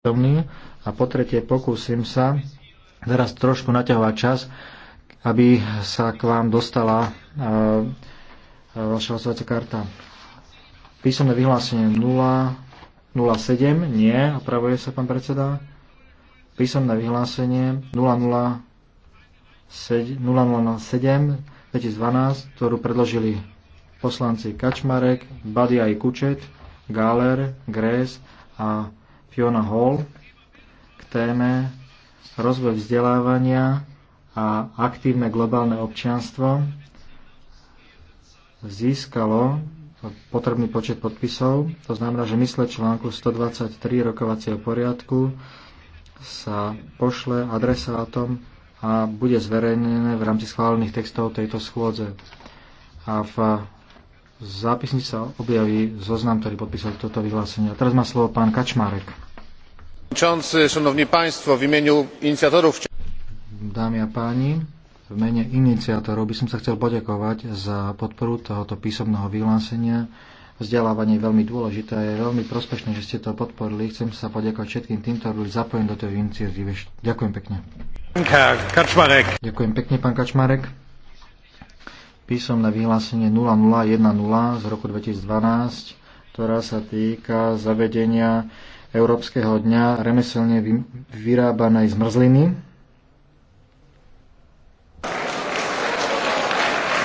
prítomný. A po tretie, pokúsim sa teraz trošku naťahovať čas, aby sa k vám dostala e, e, vaša hlasovacia karta. Písomné vyhlásenie 0, 07, nie, opravuje sa pán predseda. Písomné vyhlásenie 007, 007 2012, ktorú predložili poslanci Kačmarek, Badia i Kučet, Gáler, Grés a Fiona Hall k téme rozvoj vzdelávania a aktívne globálne občianstvo získalo potrebný počet podpisov. To znamená, že mysle článku 123 rokovacieho poriadku sa pošle adresátom a bude zverejnené v rámci schválených textov tejto schôdze. A v zápisnici sa objaví zoznam, ktorý podpísal toto vyhlásenie. A teraz má slovo pán Kačmárek. Dámy a páni, v mene iniciátorov by som sa chcel poďakovať za podporu tohoto písomného vyhlásenia. Vzdelávanie je veľmi dôležité a je veľmi prospešné, že ste to podporili. Chcem sa poďakovať všetkým tým, ktorí boli zapojení do tej iniciatívy. Ďakujem pekne. Ďakujem pekne, pán Kačmarek. Písomné vyhlásenie 0010 z roku 2012, ktorá sa týka zavedenia Európskeho dňa remeselne vyrábanej zmrzliny.